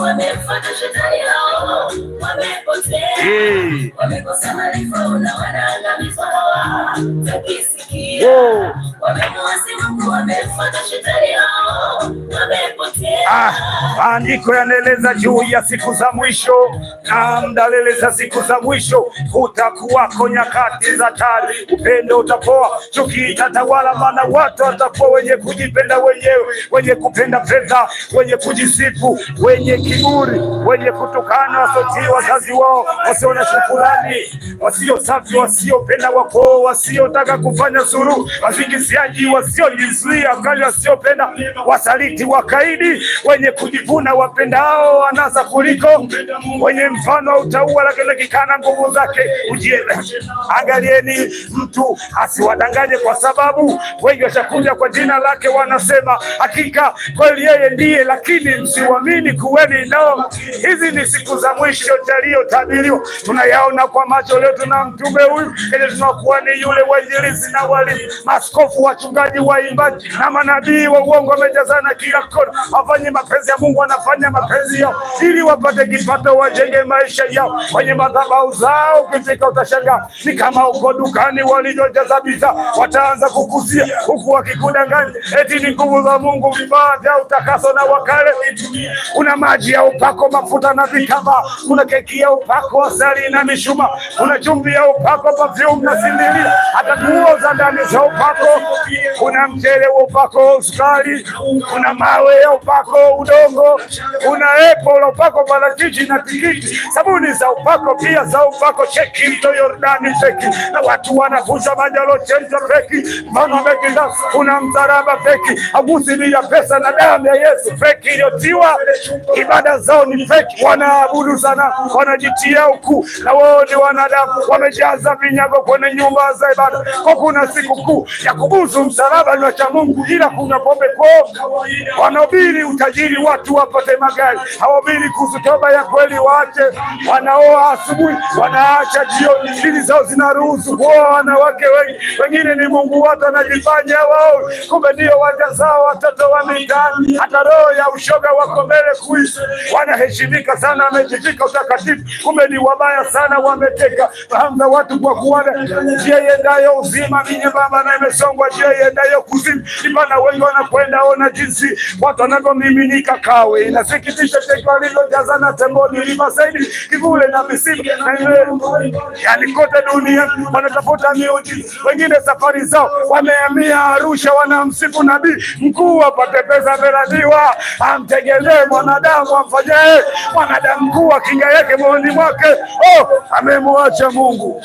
wamefata shida yao, wamepotea, wamekosa maarifa na wanaangamizwa. Tukisikia Ah, maandiko yanaeleza juu ya siku za mwisho na mdaleleza siku za mwisho. Kutakuwako nyakati za tari upendo utapoa, chuki itatawala, maana watu watakuwa wenye kujipenda wenyewe, wenye kupenda fedha, wenye kujisifu, wenye kiburi, wenye kutukana, wasiotii wazazi wao, wasio na shukurani, wasio safi, wasiopenda wakoo, wasiotaka kufanya suluhu, wazingizi wachaji, wasiojizuia, wakali, wasiopenda, wasaliti, wakaidi, wenye kujivuna, wapendao wanasa kuliko, wenye mfano wa utauwa, lakini akikana nguvu zake ujiele. Angalieni mtu asiwadanganye, kwa sababu wengi washakuja kwa jina lake, wanasema hakika kweli yeye ndiye, lakini msiwamini. Kuweni nao. Hizi ni siku za mwisho yaliyotabiriwa, tunayaona kwa macho leo. Tuna mtume huyu, ili tunakuwa ni yule wainjilizi na walimu, maskofu wachungaji, waimbaji na manabii wa uongo wamejazana kila kona. Wafanye mapenzi ya Mungu, wanafanya mapenzi yao ili wapate kipato, wajenge maisha yao kwenye madhabahu zao. Kifika utashangaa ni kama uko dukani walivyojaza bidhaa, wataanza kukuzia huku wakikudanganya eti ni nguvu za Mungu, vibaa vya utakaso na wakale. Kuna maji ya upako, mafuta na vitambaa, kuna keki ya upako, asali na mishumaa, kuna chumvi ya upako, pafyumu na sindiria, hata nguo za ndani za upako kuna mchele wa upako usukari, kuna mawe ya upako udongo, kuna epo la upako parachichi na tikiti, sabuni za upako pia za upako. Cheki mto Yordani, cheki na watu wanavuza majalo alochenja peki mana mekinda, kuna msalaba peki, agusi ni ya pesa na damu ya Yesu peki iliyotiwa. Ibada zao ni feki, wanaabudu sana, wanajitia huku na wao ni wanadamu, wamejaza vinyago kwenye nyumba za ibada, kwa kuna sikukuu ya kubusu kuhusu msalaba ni cha Mungu, ila kuna pombe pombe. Wanahubiri utajiri, watu wapate magari, hawahubiri kuhusu toba ya kweli. Wache wanaoa asubuhi, wanaacha jioni, dini zao zinaruhusu kuoa wanawake wengi. Wengine ni Mungu watu, wanajifanya wao, kumbe ndio zao watoto wa mitaani. Hata roho ya ushoga wako mbele kuishi, wanaheshimika sana, wamejivika utakatifu, kumbe ni wabaya sana, wameteka fahamu za watu kwa kuwana njia yendayo uzima ni baba na imesongwa njia iendayo kuzimu. Maana wengi wanakwenda, ona jinsi watu wanavyomiminika Kawe. Inasikitisha taifa lililojazana temboni, lima zaidi kivule na misimu, yani kote dunia wanatafuta miuji. Wengine safari zao wamehamia Arusha, wanamsifu nabii mkuu wapate pesa beradiwa, amtegemee mwanadamu amfanyaye mwanadamu mkuu, akinga yake moyoni mwake, oh, amemwacha Mungu.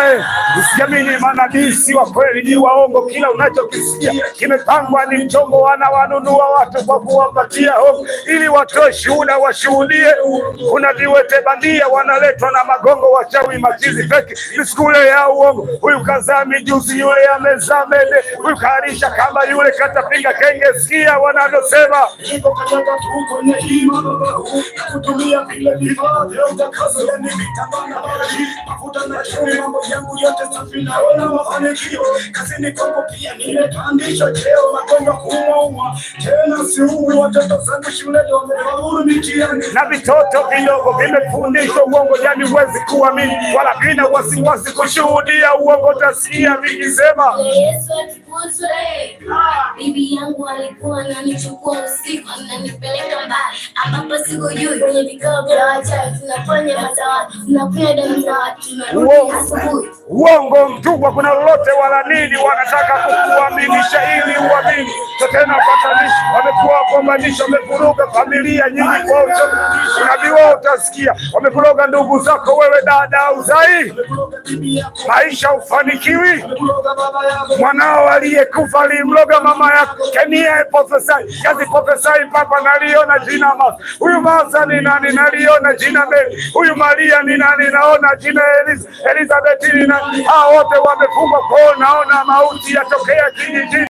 wewe usiamini, manabii si wa kweli, ni waongo. Kila unachokisikia kimepangwa, ni mchongo. Wanawanunua watu kwa kuwapatia hofu, ili watoe shuhuda, washuhudie. Kuna viwete bandia wanaletwa na magongo, wachawi, machizi, peke ni shule ya uongo. Huyu kazaa mijuzi, yule amezaa mede, huyu kaarisha kamba, yule katapinga kenge. Sikia wanavyosema yangu yote safi, naona mafanikio kazini pia nimepandishwa cheo, tena watoto zangu wamefaulu mitihani, na vitoto vidogo vimefundishwa uongo. Yani huwezi kuamini wala vina wasiwasi kushuhudia uongo, tasikia vikisema bibi yangu alikuwa ananichukua usiku ananipeleka mbali ambapo sikujui, kwenye vikao vya wachawi tunafanya mazawadi, tunakunywa damu za watu uongo mtubwa, kuna lolote wala nini, wanataka kukuaminisha ili uamini tena. Patanishi wamekuwa wagombanisha, wamekuruga familia nyingi kwa uchovu. Unabii wao utasikia, wamekuroga ndugu zako wewe, dada uzai, maisha ufanikiwi. Mwanao aliyekufa alimloga mama yako, kenia profesai kazi profesai, papa naliona jina mas, huyu masa ni nani? Naliona jina Mary, huyu Maria ni nani? Naona jina Elizabeth Palestina, hao wote wamefungwa kwao. Naona mauti yatokea kijijini.